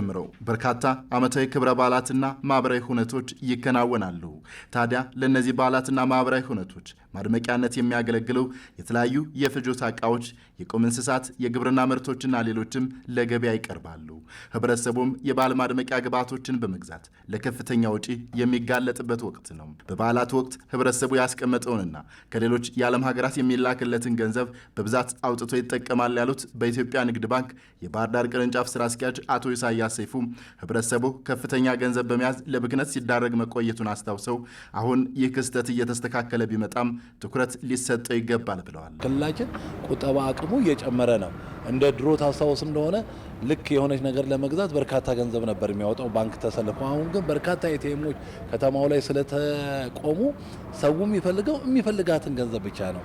ጀምሮ በርካታ ዓመታዊ ክብረ በዓላትና ማኅበራዊ ሁነቶች ይከናወናሉ። ታዲያ ለእነዚህ በዓላትና ማኅበራዊ ሁነቶች ማድመቂያነት የሚያገለግለው የተለያዩ የፍጆታ እቃዎች የቁም እንስሳት፣ የግብርና ምርቶችና ሌሎችም ለገበያ ይቀርባሉ። ህብረተሰቡም የበዓል ማድመቂያ ግብዓቶችን በመግዛት ለከፍተኛ ወጪ የሚጋለጥበት ወቅት ነው። በበዓላት ወቅት ህብረተሰቡ ያስቀመጠውንና ከሌሎች የዓለም ሀገራት የሚላክለትን ገንዘብ በብዛት አውጥቶ ይጠቀማል ያሉት በኢትዮጵያ ንግድ ባንክ የባህር ዳር ቅርንጫፍ ስራ አስኪያጅ አቶ ኢሳያስ ሰይፉ ህብረተሰቡ ከፍተኛ ገንዘብ በመያዝ ለብክነት ሲዳረግ መቆየቱን አስታውሰው አሁን ይህ ክስተት እየተስተካከለ ቢመጣም ትኩረት ሊሰጠው ይገባል ብለዋል። ክልላችን ቁጠባ አቅሙ እየጨመረ ነው። እንደ ድሮ ታስታውስ እንደሆነ ልክ የሆነች ነገር ለመግዛት በርካታ ገንዘብ ነበር የሚያወጣው ባንክ ተሰልፎ፣ አሁን ግን በርካታ ኤቲኤሞች ከተማው ላይ ስለተቆሙ ሰው የሚፈልገው የሚፈልጋትን ገንዘብ ብቻ ነው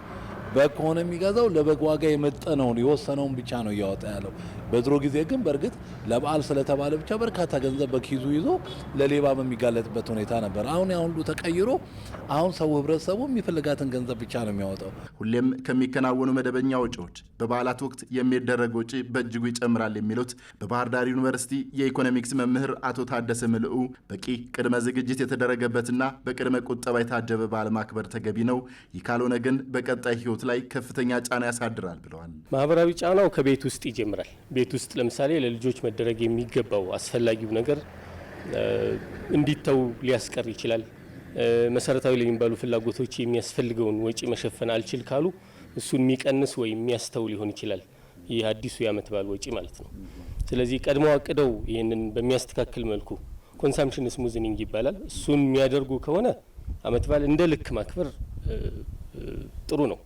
በግ ከሆነ የሚገዛው ለበግ ዋጋ የመጠነውን የወሰነውን ብቻ ነው እያወጣ ያለው። በድሮ ጊዜ ግን በእርግጥ ለበዓል ስለተባለ ብቻ በርካታ ገንዘብ በኪዙ ይዞ ለሌባ በሚጋለጥበት ሁኔታ ነበር። አሁን ያ ሁሉ ተቀይሮ አሁን ሰው ህብረተሰቡ የሚፈልጋትን ገንዘብ ብቻ ነው የሚያወጣው። ሁሌም ከሚከናወኑ መደበኛ ወጪዎች በበዓላት ወቅት የሚደረግ ወጪ በእጅጉ ይጨምራል የሚሉት በባህር ዳር ዩኒቨርሲቲ የኢኮኖሚክስ መምህር አቶ ታደሰ ምልዑ በቂ ቅድመ ዝግጅት የተደረገበትና በቅድመ ቁጠባ የታጀበ በዓል ማክበር ተገቢ ነው። ይህ ካልሆነ ግን በቀጣይ ህይወት ላይ ከፍተኛ ጫና ያሳድራል ብለዋል። ማህበራዊ ጫናው ከቤት ውስጥ ይጀምራል። ቤት ውስጥ ለምሳሌ ለልጆች መደረግ የሚገባው አስፈላጊው ነገር እንዲተው ሊያስቀር ይችላል። መሰረታዊ ለሚባሉ ፍላጎቶች የሚያስፈልገውን ወጪ መሸፈን አልችል ካሉ እሱን የሚቀንስ ወይም የሚያስተው ሊሆን ይችላል። ይህ አዲሱ የዓመት በዓል ወጪ ማለት ነው። ስለዚህ ቀድሞ አቅደው ይህንን በሚያስተካክል መልኩ ኮንሳምፕሽን ስሙዝኒንግ ይባላል። እሱን የሚያደርጉ ከሆነ አመት በዓል እንደ ልክ ማክበር ጥሩ ነው።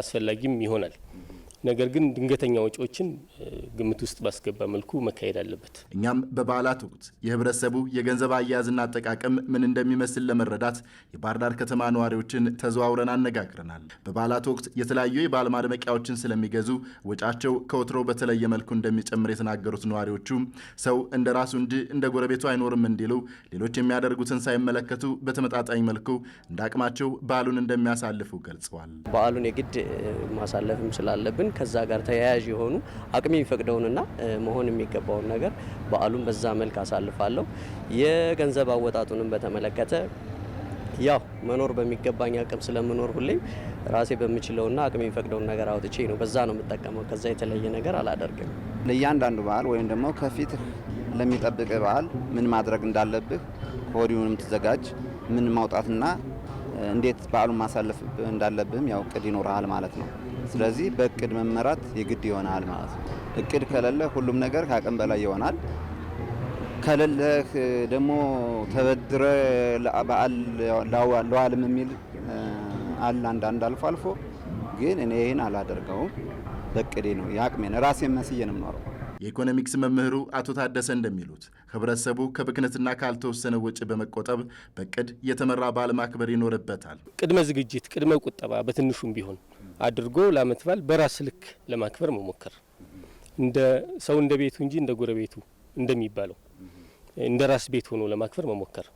አስፈላጊም ይሆናል። ነገር ግን ድንገተኛ ወጪዎችን ግምት ውስጥ ባስገባ መልኩ መካሄድ አለበት። እኛም በበዓላት ወቅት የህብረተሰቡ የገንዘብ አያያዝና አጠቃቀም ምን እንደሚመስል ለመረዳት የባህር ዳር ከተማ ነዋሪዎችን ተዘዋውረን አነጋግረናል። በበዓላት ወቅት የተለያዩ የበዓል ማድመቂያዎችን ስለሚገዙ ወጫቸው ከወትሮ በተለየ መልኩ እንደሚጨምር የተናገሩት ነዋሪዎቹ ሰው እንደ ራሱ እንጂ እንደ ጎረቤቱ አይኖርም እንዲሉ ሌሎች የሚያደርጉትን ሳይመለከቱ በተመጣጣኝ መልኩ እንደ አቅማቸው በዓሉን እንደሚያሳልፉ ገልጸዋል። በዓሉን የግድ ማሳለፍም ስላለብን ከዛ ጋር ተያያዥ የሆኑ አቅሚ የሚፈቅደውንና መሆን የሚገባውን ነገር በዓሉን በዛ መልክ አሳልፋለሁ። የገንዘብ አወጣጡንም በተመለከተ ያው መኖር በሚገባኝ አቅም ስለምኖር ሁሌም ራሴ በምችለውና አቅም የሚፈቅደውን ነገር አውጥቼ ነው በዛ ነው የምጠቀመው። ከዛ የተለየ ነገር አላደርግም። ለእያንዳንዱ በዓል ወይም ደግሞ ከፊት ለሚጠብቅ በዓል ምን ማድረግ እንዳለብህ ከወዲሁንም የምትዘጋጅ ምን ማውጣትና እንዴት በዓሉን ማሳለፍ እንዳለብህም ያው እቅድ ይኖርሃል ማለት ነው። ስለዚህ በእቅድ መመራት የግድ ይሆናል ማለት ነው። እቅድ ከሌለ ሁሉም ነገር ከአቅም በላይ ይሆናል። ከሌለህ ደግሞ ተበድረ በዓል ለዋልም የሚል አለ አንዳንድ አልፎ አልፎ። ግን እኔ ይህን አላደርገውም። በቅዴ ነው የአቅሜን ራሴን መስዬ ነው የምኖረው። የኢኮኖሚክስ መምህሩ አቶ ታደሰ እንደሚሉት ህብረተሰቡ ከብክነትና ካልተወሰነ ወጪ በመቆጠብ በቅድ የተመራ በዓል ማክበር ይኖርበታል። ቅድመ ዝግጅት፣ ቅድመ ቁጠባ በትንሹም ቢሆን አድርጎ ለዓመት በዓል በራስ ልክ ለማክበር መሞከር እንደ ሰው እንደ ቤቱ እንጂ እንደ ጎረቤቱ እንደሚባለው እንደ ራስ ቤት ሆኖ ለማክበር መሞከር።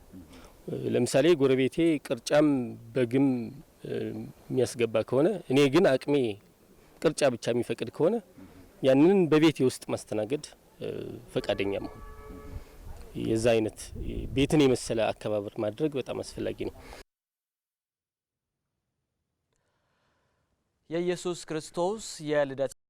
ለምሳሌ ጎረቤቴ ቅርጫም በግም የሚያስገባ ከሆነ እኔ ግን አቅሜ ቅርጫ ብቻ የሚፈቅድ ከሆነ ያንን በቤቴ ውስጥ ማስተናገድ ፈቃደኛ መሆን የዛ አይነት ቤትን የመሰለ አከባበር ማድረግ በጣም አስፈላጊ ነው። የኢየሱስ ክርስቶስ የልደት